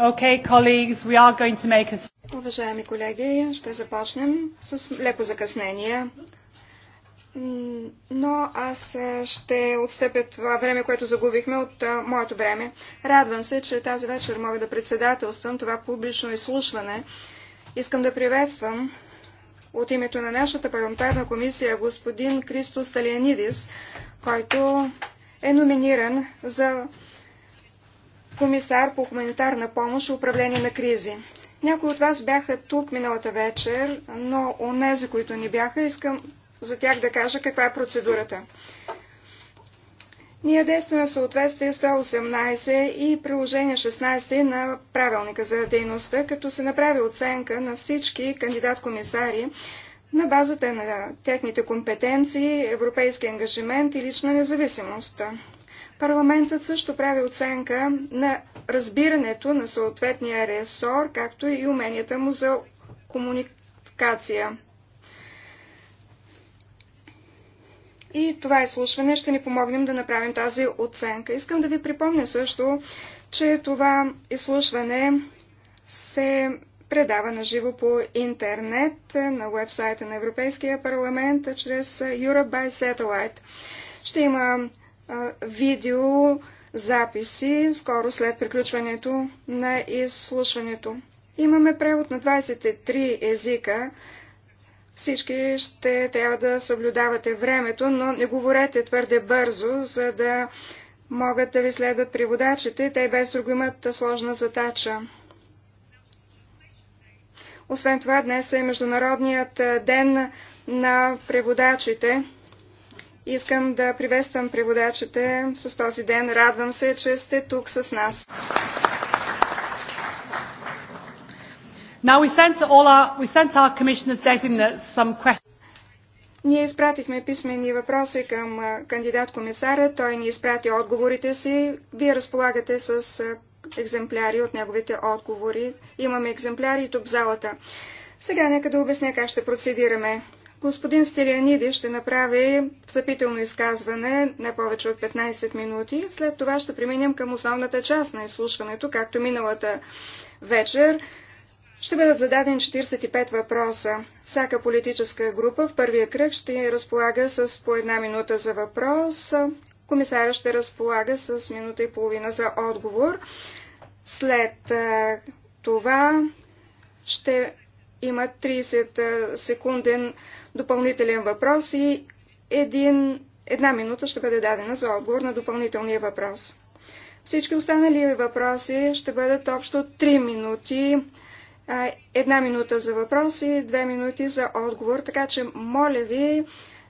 Okay, colleagues, we are going to make a... Уважаеми колеги, ще започнем с леко закъснение. Но аз е, ще отстъпя това време, което загубихме от а, е, моето време. Радвам се, че тази вечер мога да председателствам това публично изслушване. Искам да приветствам от името на нашата парламентарна комисия господин Кристо Сталианидис, който е номиниран за комисар по хуманитарна помощ и управление на кризи. Някои от вас бяха тук миналата вечер, но нези, които не бяха, искам за тях да кажа каква е процедурата. Ние действаме в съответствие 118 и приложение 16 на правилника за дейността, като се направи оценка на всички кандидат-комисари на базата на техните компетенции, европейски ангажимент и лична независимост. Парламентът също прави оценка на разбирането на съответния ресор, както и уменията му за комуникация. И това изслушване ще ни помогнем да направим тази оценка. Искам да ви припомня също, че това изслушване се предава на живо по интернет на вебсайта на Европейския парламент чрез Europe by Satellite. Ще има видеозаписи скоро след приключването на изслушването. Имаме превод на 23 езика. Всички ще трябва да съблюдавате времето, но не говорете твърде бързо, за да могат да ви следват преводачите. Те без друго имат сложна задача. Освен това, днес е Международният ден на преводачите. Искам да приветствам преводачите с този ден. Радвам се, че сте тук с нас. Now we sent all our, we sent our commissioners designates some questions. Ние изпратихме писмени въпроси към кандидат-комисаря. Той ни изпрати отговорите си. Вие разполагате с екземпляри от неговите отговори. Имаме екземпляри тук в залата. Сега нека да обясня как ще процедираме. Господин Стелианиди ще направи встъпително изказване не повече от 15 минути. След това ще преминем към основната част на изслушването, както миналата вечер. Ще бъдат зададени 45 въпроса. Всяка политическа група в първия кръг ще разполага с по една минута за въпрос. Комисаря ще разполага с минута и половина за отговор. След това ще има 30 секунден допълнителен въпрос и един, една минута ще бъде дадена за отговор на допълнителния въпрос. Всички останали въпроси ще бъдат общо 3 минути. Една минута за въпроси, две минути за отговор, така че моля ви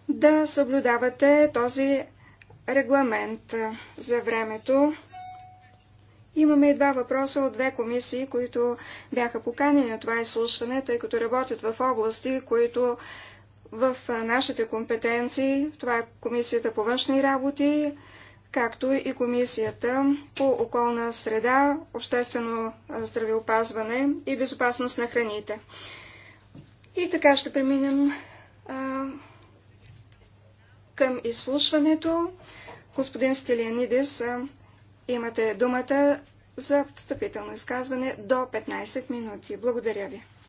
да съблюдавате този регламент за времето. Имаме два въпроса от две комисии, които бяха поканени на това изслушване, тъй като работят в области, които в нашите компетенции, това е Комисията по външни работи, както и Комисията по околна среда, обществено здравеопазване и безопасност на храните. И така ще преминем а, към изслушването. Господин Стилианидис Имате думата за встъпително изказване до 15 минути. Благодаря ви.